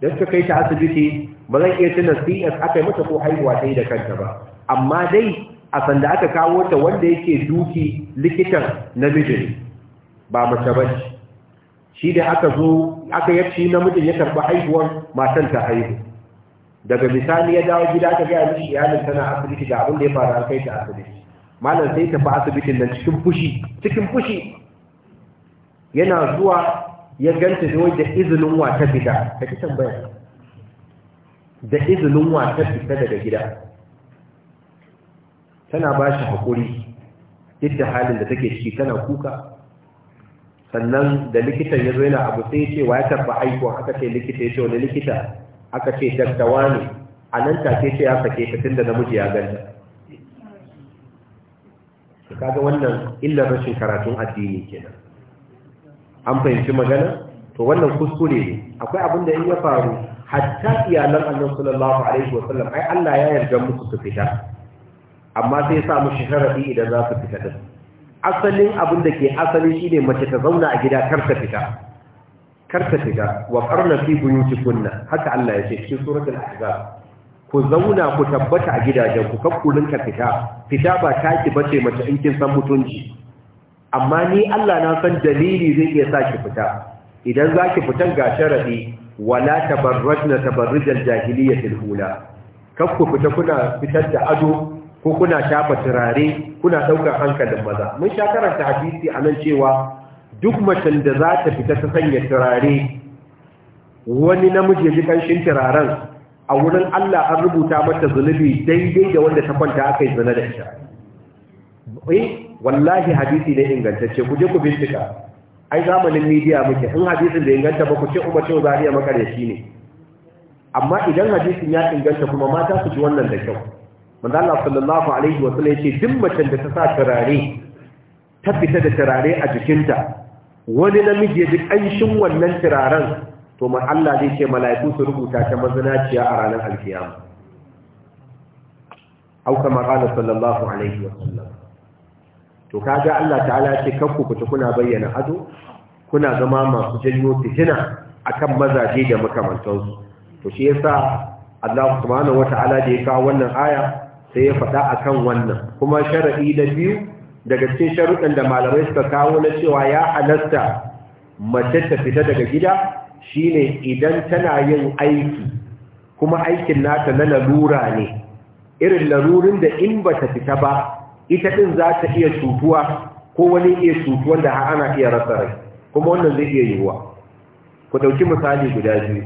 don ta kai ta asibiti ba zan iya tuna cs aka yi mata ko haihuwa ta yi da kanta ba amma dai a sanda aka kawo ta wanda yake duki likitan namijin ba mace ba shi da aka zo aka yabci namijin ya karɓi haihuwar matan ta haihu daga misali ya dawo gida aka gaya mishi iyalin tana asibiti ga abin da ya faru an kai ta asibiti malam sai tafi asibitin nan cikin fushi cikin fushi yana zuwa ya ganta da wai izinin wa ta fita ka ki tambaya da izinin wa ta fita daga gida tana ba shi haƙuri duk da halin da take ciki tana kuka sannan da likitan ya zo yana abu sai ce wa ya tabba aiko aka ce likita ya ce wani likita aka ce daktawa ne a nan take ce ya sake ta tun da namiji ya ganta kaga wannan illar rashin karatun addini kenan an fahimci magana to wannan kuskure ne akwai abin da in ya faru hatta iyalan annabi sallallahu alaihi wasallam ai Allah ya yarda musu su fita amma sai ya sa musu sharadi idan za su fita din asalin abin da ke asali shine mace ta zauna a gida kar ta fita kar ta fita wa qarna fi buyutikunna haka Allah ya ce cikin suratul ahzab ku zauna ku tabbata a gidajen ku kakkulin ka fita fita ba taki bace mace in kin san mutunci amma ni Allah na san dalili zai iya sa ki fita idan za ki fitan ga sharadi wala tabarrajna tabarrujal jahiliyyatil hula kar ku fita kuna fitar da ado ko kuna shafa turare kuna daukar hankalin maza mun sha karanta hadisi anan cewa duk macen da za ta fita ta sanya turare wani namiji ji kanshin turaren a wurin Allah an rubuta mata zunubi daidai da wanda ta kwanta aka yi zana da ita eh? wallahi hadisi ne ingantacce ku je ku bincika ai zamanin media muke in hadisin da inganta ba ku ce umar ce za a iya ne amma idan hadisin ya inganta kuma mata su ji wannan da kyau manzo Allah sallallahu alaihi sallam yace duk macen da ta sa turare ta fita da turare a jikinta wani namiji ya ji kanshin wannan turaren to ma Allah zai ce mala'iku su rubuta ta mazinaciya a ranar alkiyama au kama sallallahu alaihi wasallam to kaga Allah ta'ala ce kanku ku kuna bayyana ado kuna zama masu janyo fitina akan mazaje da makamantansu to shi yasa Allah subhanahu wata'ala da ya kawo wannan aya sai ya faɗa akan wannan kuma sharadi da biyu daga cikin sharuɗin da malamai suka kawo na cewa ya halatta mace ta fita daga gida shine idan tana yin aiki kuma aikin nata na lalura ne irin larurin da in ba ta fita ba ita din za ta iya cutuwa ko wani iya tutuwa da har ana iya rasa rai kuma wannan zai iya yiwuwa ku dauki misali guda biyu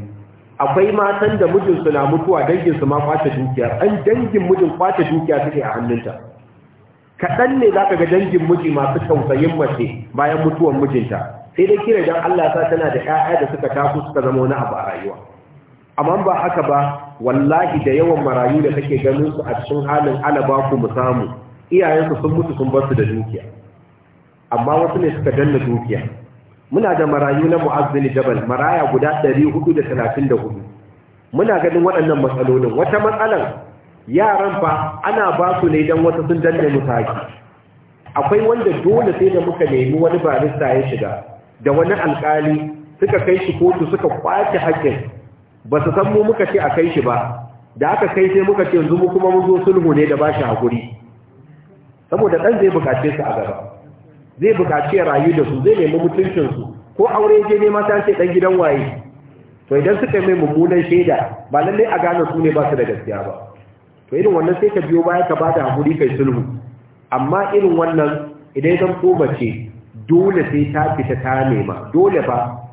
akwai matan da mijinsu na mutuwa danginsu ma kwace dukiya an dangin mijin kwace dukiya suke a hannunta kaɗan ne za ka ga dangin miji masu tausayin mace bayan mutuwar mijinta sai dai kira don Allah sa tana da 'ya'ya da suka tafi suka zama wani abu a rayuwa amma ba haka ba wallahi da yawan marayu da kake ganin su a cikin halin alaba ku mu samu iyayensu sun mutu sun bar da dukiya amma wasu ne suka danna dukiya muna da marayu na mu'azzini jabal maraya guda 434 muna ganin waɗannan matsalolin wata matsalan yaran fa ana ba su ne idan wata sun danna mutaki akwai wanda dole sai da muka nemi wani barista ya shiga da wani alkali suka kai shi kotu suka kwace haƙƙin ba su san mu muka ce a kai shi ba da aka kai sai muka ce yanzu mu kuma mu zo sulhu ne da bashi hakuri saboda ɗan zai bukace su a gaba zai bukace rayu da su zai nemi mutuncinsu ko aure je nema ta ce ɗan gidan waye to idan suka mai mummunan shaida ba lallai a gane su ne ba su da gaskiya ba to irin wannan sai ka biyo baya ka ba da haƙuri kai sulhu amma irin wannan idan zan ko mace dole sai ta fita ta nema dole ba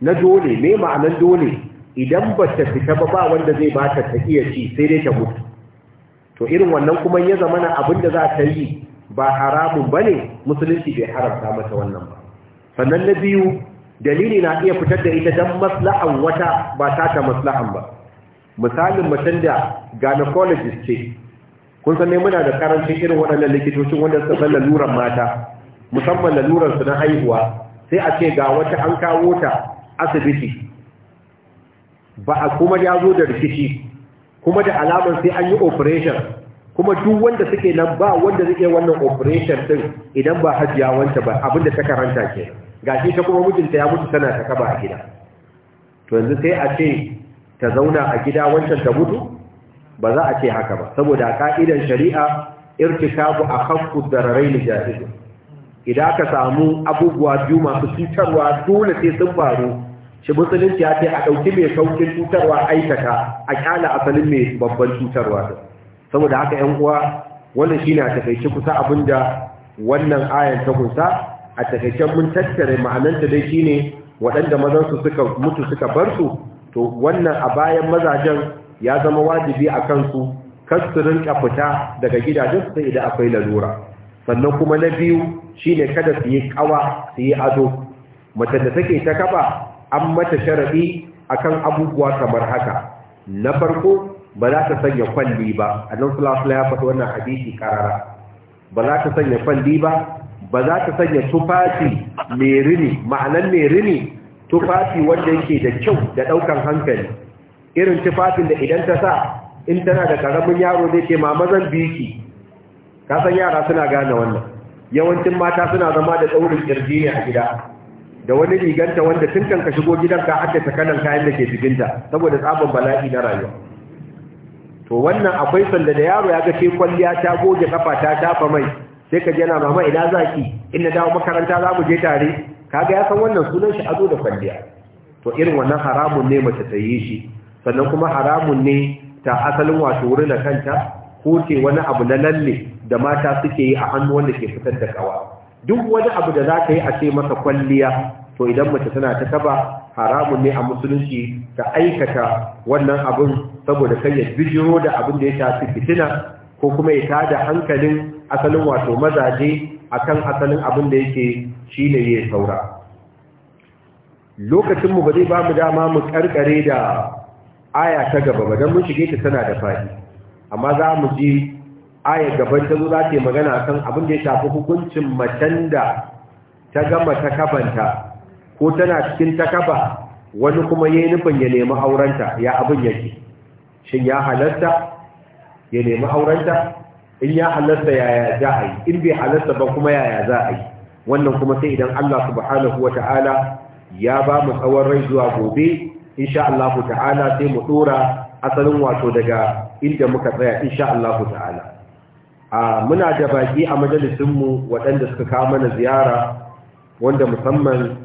na dole me ma'anar dole idan ba ta fita ba ba wanda zai ba ta ta iya ci sai dai ta mutu to irin wannan kuma ya zama na abin da za ta yi ba haramun ba ne musulunci bai haramta mata wannan ba sannan na biyu dalili na iya fitar da ita don masla'an wata ba ta ta masla'an ba misalin mutum da gynecologist ce kun san muna da karancin irin waɗannan likitocin wanda suka san laluran mata musamman laluran su na haihuwa sai a ce ga wata an kawo ta asibiti ba a kuma ya zo da rikici kuma da alamar sai an yi operation kuma duk wanda suke nan ba wanda zai iya wannan operation din idan ba hajiya wanta ba abinda ta karanta ke gashi ta kuma mijinta ya mutu tana ta kaba a gida to yanzu sai a ce ta zauna a gida wancan ta mutu ba za a ce haka ba saboda ka'idan shari'a irtikabu dararai dararain jahiz idan ka samu abubuwa biyu masu cutarwa dole sai sun faru shi musulunci ya ce a ɗauki mai saukin cutarwa aikata a kyala asalin mai babban cutarwa da saboda haka yan uwa wannan ne a takaice kusa abin da wannan ayan ta kusa a takaice mun tattare ma'ananta dai shi ne waɗanda mazansu suka mutu suka bar su to wannan a bayan mazajen ya zama wajibi a kansu kar su rinka fita daga gidajen sai idan akwai lalura sannan kuma na biyu shine kada su yi kawa su yi ado mace da take ta kaba an mata sharaɗi akan abubuwa kamar haka na farko ba za ta sanya kwalli ba a nan sulasula ya fata wannan hadisi karara ba za ta sanya kwalli ba ba za ta sanya tufafi mai rini ma'anan mai rini tufafi wanda yake da kyau da ɗaukan hankali irin tufafin da idan ta sa in tana da karamin yaro zai ce mama zan ka kasan yara suna gane wannan yawancin mata suna zama da tsaurin kirji ne a gida da wani riganta wanda tun kan ka shigo gidanka ta kanan kayan da ke jikinta saboda tsabon bala'i na rayuwa to wannan akwai sanda da yaro ya ga ke kwalliya ta goge kafa ta tafa mai sai ka jana mama ina zaki na dawo makaranta za mu je tare kaga ya san wannan sunan shi azo da kwalliya to irin wannan haramun ne mace ta yi shi sannan kuma haramun ne ta asalin wato wurin da kanta ko ce wani abu na lalle da mata suke yi a hannu wanda ke fitar da kawa duk wani abu da za ka yi a ce masa kwalliya to idan mace tana ta taba haramun ne a musulunci ta aikata wannan abin saboda kai ya bijiro da abin da ya tafi fitina ko kuma ya da hankalin asalin wato mazaje a kan asalin abin da yake ne ya saura lokacinmu ba zai ba mu dama mu karkare da aya ta gaba ba don mun shige ta tana da fadi amma za mu ji aya gaban ta zo za ta yi magana kan abin da ya shafi hukuncin macen da ta gama takabanta ko tana cikin takaba wani kuma ya yi nufin ya nemi aurenta ya abin yake shin ya halarta ya nemi aurenta in ya halarta yaya za a yi in bai halarta ba kuma yaya za a yi wannan kuma sai idan Allah subhanahu wa ta'ala ya ba mu tsawon rai zuwa gobe insha allahu ta'ala sai mu dora asalin wato daga inda muka tsaya insha allahu ta'ala muna da baki a majalisinmu waɗanda suka kawo mana ziyara wanda musamman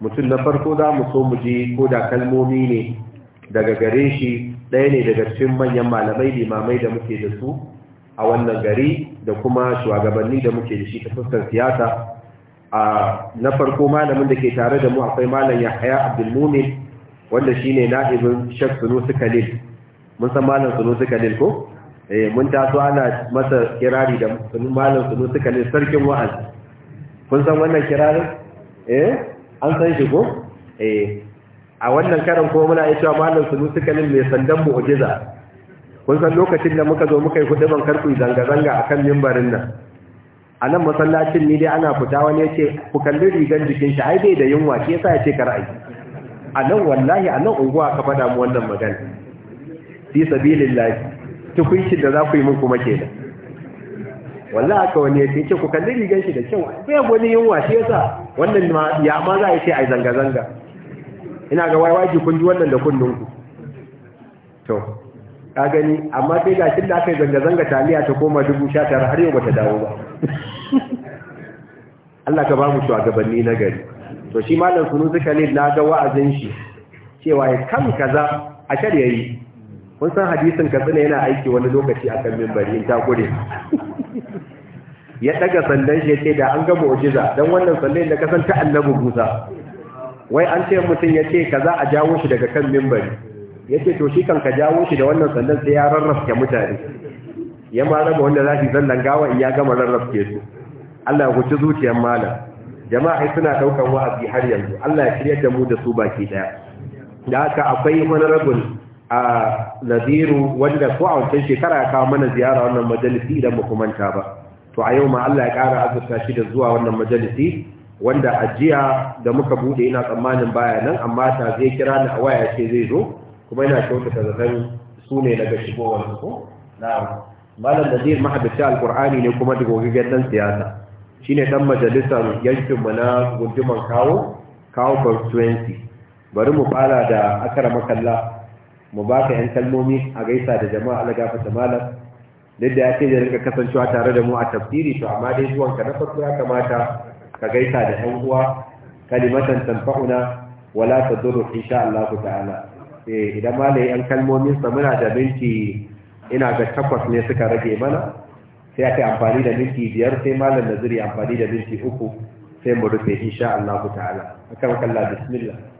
mutum na farko za mu so mu je ko da kalmomi ne daga gare shi ɗaya ne daga cikin manyan malamai limamai da muke da su a wannan gari da kuma shugabanni da muke da shi ta fuskar siyasa a na farko malamin da ke tare da mu akwai malam yahaya abdulmumin wanda shine na'ibin shek sunusi khalil mun san malam sunusi kalil ko eh mun taso ana masa kirari da malam sunu suka ne sarkin wa'azi kun san wannan kirarin eh an san shi ko eh a wannan karan ko muna yi cewa malam sunu suka ne mai sandan mu'jiza kun san lokacin da muka zo muka yi huduban karku zanga zanga akan mimbarin nan a nan masallacin ni dai ana fita wani yace ku kalli rigan jikin shi ai bai da yunwa shi yasa yace karai a nan wallahi a nan unguwa ka faɗa mu wannan magana fi sabilillahi tukuncin da za ku yi min kuma ke kenan wallahi aka wani yake ce ku kalli rigan shi da kyau sai wani yunwa shi yasa wannan ya ma za a yi ce ai zanga zanga ina ga waiwaji kun ji wannan da kunnun ku to ka gani amma sai ga shi da aka yi zanga zanga taliya ta koma dubu sha tara har yau ba ta dawo ba Allah ka ba mu shugabanni na gari to shi malam kunu suka ne na ga wa'azin shi cewa ya kam kaza a shari'a yi kun san hadisin katsina yana aiki wani lokaci a kan mimbari in takure ya daga sandan shi ce da an gama ujiza dan wannan sandan da kasan ta annabi Musa wai an ce mutum ya ce kaza a jawo shi daga kan mimbari ya ce to shi kan ka jawo shi da wannan sandan sai ya rarrafke mutane ya ma raba wanda zai su zallan gawa ya gama rarrafke su Allah ya huci zuciyar malam jama'a suna daukan wa'azi har yanzu Allah ya shiryar da mu da su baki daya da haka akwai wani honorable a nadiru wanda ko a wancan shekara ya kawo mana ziyara wannan majalisi idan ba manta ba to a yau ma Allah ya kara azurta shi da zuwa wannan majalisi wanda ajiya da muka bude ina tsammanin baya nan amma ta zai kira ni a waya ce zai zo kuma ina kyautata zaton su ne daga shigowar su na'am malam nadir mahabbata alqur'ani ne kuma dogaggen dan siyasa shine dan majalisar yankin mu na gunduman kawo kawo constituency bari mu fara da akara makalla mu baka yan kalmomi a gaisa da jama'a Allah gafarta malam duk da yake da rinka kasancewa tare da mu a tafsiri to amma dai zuwan ka na farko ya kamata ka gaisa da yan uwa kalimatan tanfa'una wala duru insha Allah ta'ala eh idan ma yan kalmomin sa muna da minti ina ga takwas ne suka rage mana sai aka amfani da minti biyar sai malam naziri amfani da minti uku sai mu rufe insha Allah ta'ala akan kallah bismillah